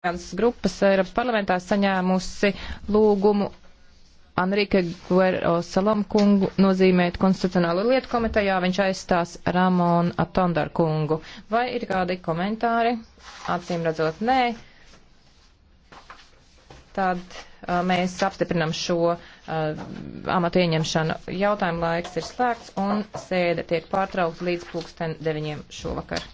Lielās grupas Eiropas parlamentā saņēmusi lūgumu Anrike Guero Salam kungu nozīmēt konstitucionālo lietu komitejā. Viņš aizstās Ramonu Atondar kungu. Vai ir kādi komentāri? Acīm redzot, nē. Tad uh, mēs apstiprinam šo uh, amatu ieņemšanu. Jautājuma laiks ir slēgts un sēde tiek pārtraukta līdz pulksten deviņiem šovakar.